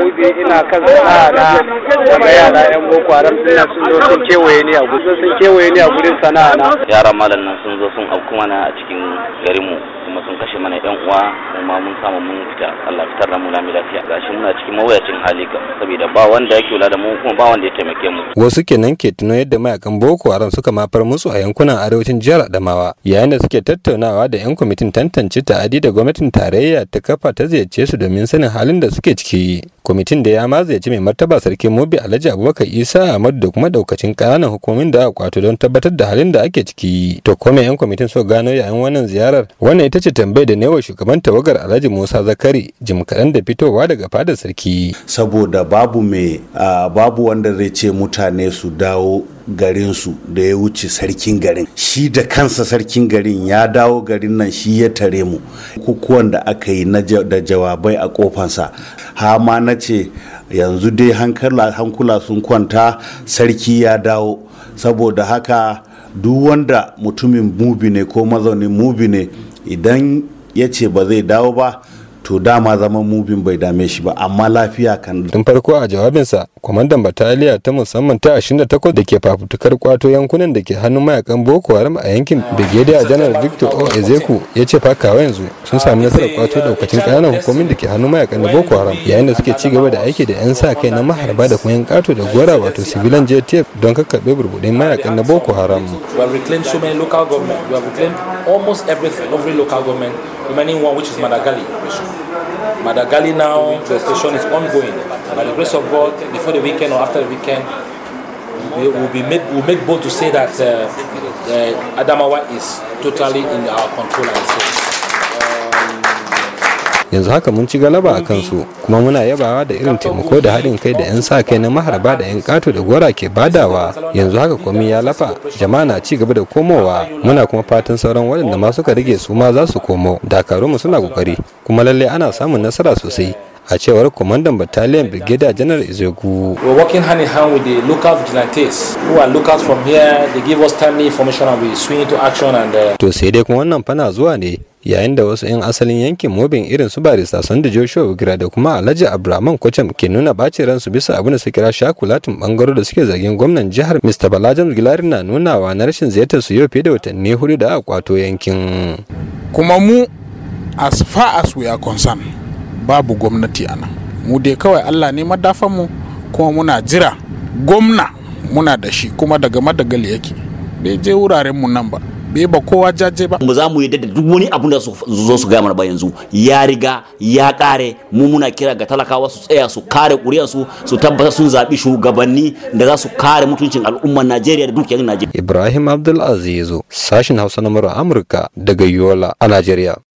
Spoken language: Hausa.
mubi ina kan da daga yara yan boko haram dinnan sun zo sun kewaye ni a gurin sun kewaye ni a gudun sana'a na yaran malam nan sun zo sun auku mana a cikin garinmu kuma sun kashe mana yan uwa kuma mun samu mun fita Allah fitar da mu na lafiya gashi muna cikin mawuyacin hali ka? saboda ba wanda yake kula da mu kuma ba wanda ya taimake mu wasu kenan ke tuno yadda mayakan Boko Haram suka mafar musu a yankunan arewacin jihar Adamawa yayin da suke tattaunawa da yan kwamitin tantance ta'adi da gwamnatin tarayya ta kafa ta ziyarce su domin sanin halin da suke ciki kwamitin da ya ma ziyarci mai martaba sarki Mobi Alhaji Abubakar Isa Ahmadu da kuma daukacin ƙananan hukumomin da aka kwato don tabbatar da halin da ake ciki to kome yan kwamitin so gano yayin wannan ziyarar wannan ita ce tambayar da newar shugaban tawagar alhaji musa zakari jim kaɗan da fitowa daga fadar sarki saboda babu mai babu wanda zai ce mutane su dawo garinsu da ya wuce sarkin garin shi da kansa sarkin garin ya dawo garin nan shi ya tare mu kukuwan da aka yi da jawabai a kofansa hama na ce yanzu dai hankula sun kwanta sarki ya dawo saboda haka duk wanda mutumin mubi ne ko mazaunin mubi ne idan ya ce ba zai dawo ba to dama zaman mubin bai dame shi ba amma lafiya kan tun farko a jawabinsa kwamandan bataliya ta musamman ta 28 da ke fafutukar kwato yankunan da ke hannun mayakan boko haram a yankin brigadier janar victor o ezeku ya ce fakawa yanzu sun sami nasarar kwato daukacin kananan hukumin da ke hannun mayakan da boko haram yayin da suke cigaba da aiki da yan sa kai na maharba da kuma yan kato da gora wato civilian jtf don kakkaɓe burbudin mayakan na boko haram Madagali now, the station is ongoing. by the grace of God, before the weekend or after the weekend, we will be made, we'll make bold to say that uh, uh, Adamawa is totally in our control and so, um, yanzu haka mun ci galaba a kansu kuma muna yabawa da irin taimako da haɗin kai da 'yan sa kai na maharba da 'yan kato da gora ke badawa yanzu haka komai ya lafa jama'a na ci gaba da komowa muna kuma fatan sauran waɗanda masu ka rage su ma za su komo dakarunmu suna kokari kuma lallai ana samun nasara sosai a cewar kwamandan battalion brigadier general izegu we're working hand in hand with the local vigilantes who are lookouts from here they give us timely information and we swing into action and uh... to sai dai kuma wannan fana zuwa ne yayin da wasu 'yan asalin yankin mobin irin su barista da joshua bugira da kuma alhaji abraman kwacham ke nuna bacin ransu bisa abin da su kira shakulatin bangaro da suke zargin gwamnan jihar mr balajan gilari na nunawa na rashin ziyartar su yau fiye da watanni hudu da aka kwato yankin kuma mu as far as we are concerned babu gwamnati a nan mu dai kawai allah ne madafanmu kuma muna jira gwamna muna da shi kuma daga madagali yake bai je wuraren mu nan ba bai ba kowa jaje ba mu za mu yadda da duk wani abu da su zo su gaya mana ba yanzu ya riga ya kare mu muna kira ga talakawa su tsaya su kare ƙuri'arsu su su tabbata sun zaɓi shugabanni da za su kare mutuncin al'ummar Najeriya da dukiyar Najeriya Ibrahim Abdul Aziz sashin Hausa na Amurka daga Yola a Najeriya